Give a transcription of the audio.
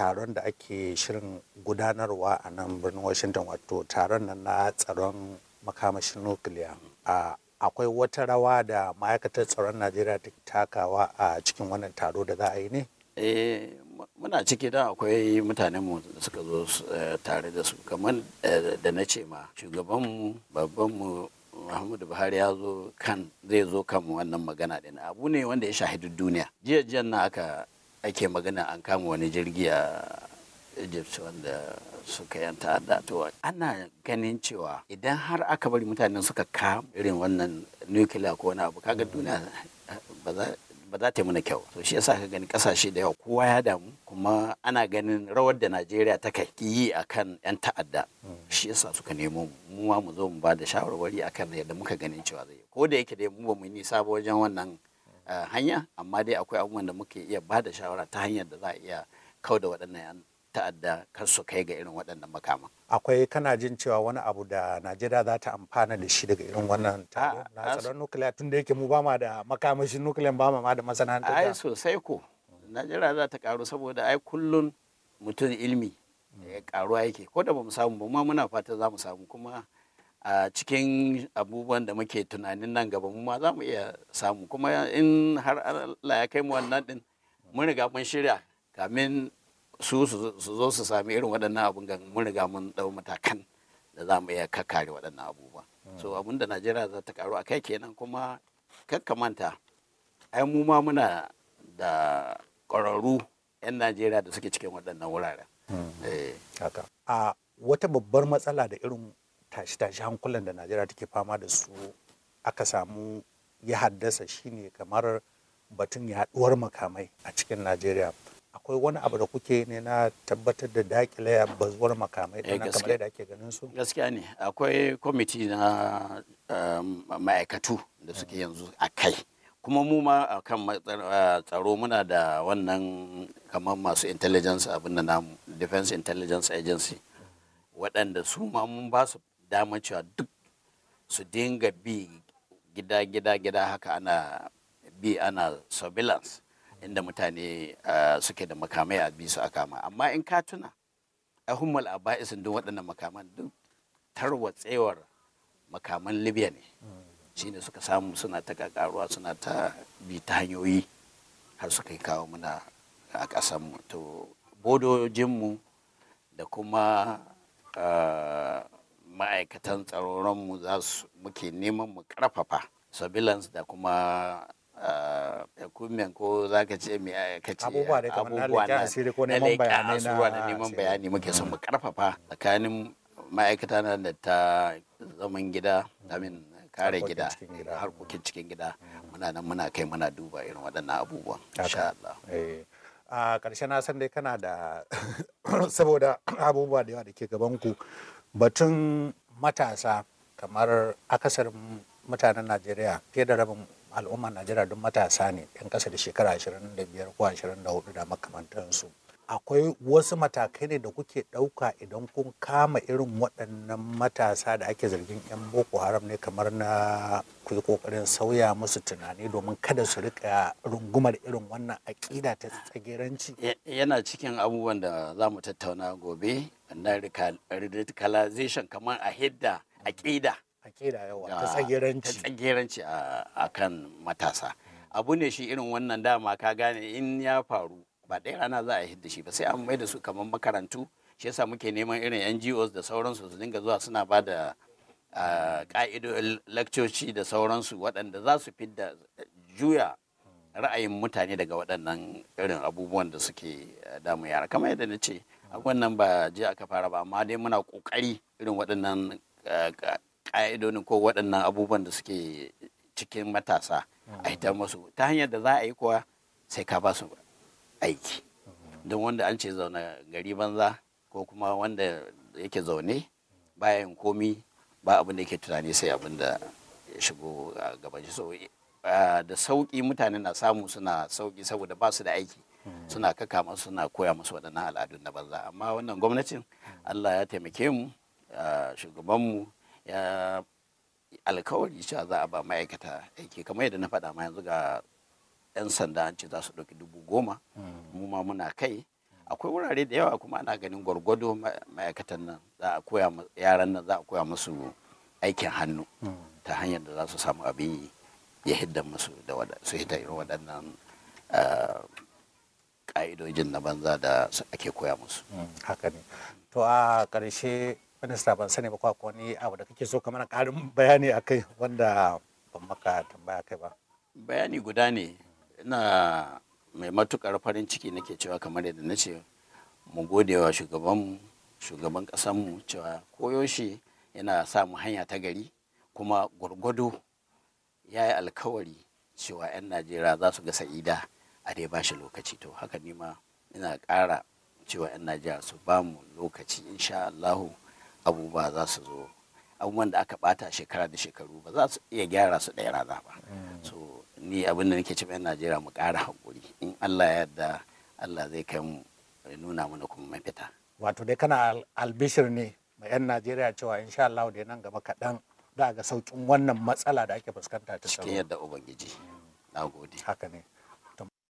taron da ake shirin gudanarwa a nan birnin washington wato taron nan na tsaron makamashin nukiliya akwai wata rawa da ma'aikatar tsaron najeriya ta takawa a cikin wannan taro da za a yi ne eh muna ciki da akwai mutanen mu da suka zo eh, tare da su kamar eh, da na ce ma shugabanmu babbanmu Muhammadu Buhari ya zo kan zai zo kan wannan magana din abu ne wanda ya shahidu duniya jiya jiyan na aka ake magana an kama wani jirgi a egypt wanda suka yan ta'adda to ana ganin cewa idan har aka bari mutane suka ka irin wannan nukiliya ko wani abu kaga duniya ba za ta yi mana kyau to shi yasa ka gani kasashe da yawa kowa ya damu kuma ana ganin rawar da najeriya ta kai yi a kan yan ta'adda shi yasa suka nemo mu ma mu zo mu ba da shawarwari akan yadda muka ganin cewa zai ko da yake dai mu ba mu yi nisa wajen wannan hanya amma dai akwai abubuwan da muke iya ba da shawara ta hanyar da za a iya kau da waɗannan ta'adda kar su kai ga irin waɗannan makama. Akwai kana jin cewa wani abu da Najeriya za ta amfana da shi daga irin wannan na tsaron nukiliya tun da yake mu ba ma da makamashin nukiliyan ba ma da masana'antar. Ai sosai ko Najeriya za ta karu saboda ai kullun mutum ilmi ya eh, karuwa yake ko da ba mu samu ba ma muna fata za mu samu kuma a cikin abubuwan da muke tunanin nan gaba mu ma za mu iya samu kuma in har Allah ya kai mu wannan din mun riga mun shirya kamin su su zo su sami irin waɗannan abun gan mun riga mun dau matakan da za mu iya kakkare waɗannan abubuwa so abun da Najeriya za ta karu a kai kenan kuma kakkamanta ai mu ma muna da ƙwararru 'yan Najeriya da suke cikin waɗannan wuraren. Hmm. Eh. A wata babbar matsala da irin tashi-tashi hankulan da najeriya take fama da su aka samu ya haddasa shine kamar batun yaduwar makamai a cikin najeriya akwai wani abu da kuke ne na tabbatar da dakile bazuwar makamai da eh, kamar da ake ganin su gaskiya ne akwai kwamiti na um, ma'aikatu da suke mm. yanzu a kai kuma mu ma a kan tsaro muna da wannan kamar masu intelligence abin da namu defense intelligence agency waɗanda su ma mun ba su damar cewa duk su dinga bi gida gida gida haka ana bi ana surveillance inda mutane ah, suke da makamai a bi su a kama amma in ka tuna a hummal a ba'isin duk waɗannan makaman duk tarwatsewar makaman libya ne shine suka samu suna ta kakaruwa suna ta bi ta hanyoyi har suka yi kawo muna a mu to bodojinmu da kuma ah, ma'aikatan tsaronmu za su muke neman mu karfafa surveillance da kuma eh, equipment ko za ka ce mai eh, ka ce abubuwa na asuwa da neman bayani muke son mu karfafa tsakanin ma'aikata na da ta zaman gida damin kare gida harkokin cikin gida muna nan muna kai muna duba irin waɗannan abubuwan insha Allah eh, a ƙarshen na san dai kana da saboda abubuwa da yawa da ke gaban ku batun matasa kamar akasarin mutanen najeriya fiye da rabin al'ummar najeriya duk matasa ne yan kasa da shekara 25 ko 24 da makamantansu akwai wasu matakai ne da kuke ɗauka idan kun kama irin waɗannan matasa da ake zargin 'yan boko haram ne kamar na ku yi ƙoƙarin sauya musu tunani domin kada su rika rungumar irin wannan aƙida ta tsageranci yana cikin abubuwan da za mu tattauna gobe na radicalization kamar a hidda mm. a ƙida ah, ta tsagiranci a kan matasa abu ne shi irin wannan dama ka gane in ya faru ba ɗaya rana za a hidda shi ba sai an mai da su kamar makarantu shi yasa muke neman irin NGOs da sauransu su dinga zuwa suna ba da ah, ƙa'idodin lakcoci da sauransu waɗanda za su fidda juya ra'ayin mutane daga waɗannan irin abubuwan da suke eh, damu yara kamar yadda na ce wannan ba je aka fara ba amma dai muna kokari irin waɗannan eh, ƙa'idodin ko waɗannan abubuwan da suke cikin matasa a mm. hitar masu ta hanyar da za a yi kuwa sai ka ba su aiki mm. don wanda an ce zaune gari banza ko kuma wanda yake zaune bayan komi ba abin da yake tunani sai abin da ya shigo gaban shi eh, da sauƙi mutane na samu suna sauƙi saboda ba su da aiki suna kaka masu suna koya musu waɗannan al'adun na banza amma wannan gwamnatin allah ya taimake mu shugabanmu ya alkawari cewa za a ba ma'aikata aiki kamar yadda na faɗa ma yanzu ga 'yan sanda an ce za su ɗauki dubu goma hmm. mu ma muna kai akwai wurare da yawa kuma ana ganin gwargwado ma'aikatan nan za a koya yaran nan za a koya musu aikin hannu hmm. ta hanyar da za su samu abin yi ya hidda musu da su hita irin waɗannan ka'idojin na banza da ake koya musu mm, haka ne to a ƙarshe minista ban sani ba kwa wani abu da kake so kamar ƙarin bayani a kai wanda ban maka tambaya kai ba bayani guda ne ina mai matukar farin ciki nake cewa kamar yadda na ce mu godewa wa shugabanmu shugaban ƙasanmu cewa koyaushe yana samu hanya ta gari kuma gwargwado ya yi alkawari cewa 'yan najeriya za su ga sa'ida a dai bashi lokaci to haka ni ma ina kara cewa 'yan najeriya su ba mu lokaci insha allahu abubuwa za su zo abubuwan da aka bata shekara da shekaru ba za su iya gyara su ɗaya rana ba mm. so ni abin da nake cewa 'yan najeriya mu kara hakuri in allah ya yarda allah zai kai mu nuna mana kuma mafita wato dai kana albishir ne ma 'yan najeriya cewa insha allahu da nan gaba kaɗan da ga saukin wannan matsala da ake fuskanta ta cikin yadda ubangiji mm. na gode haka ne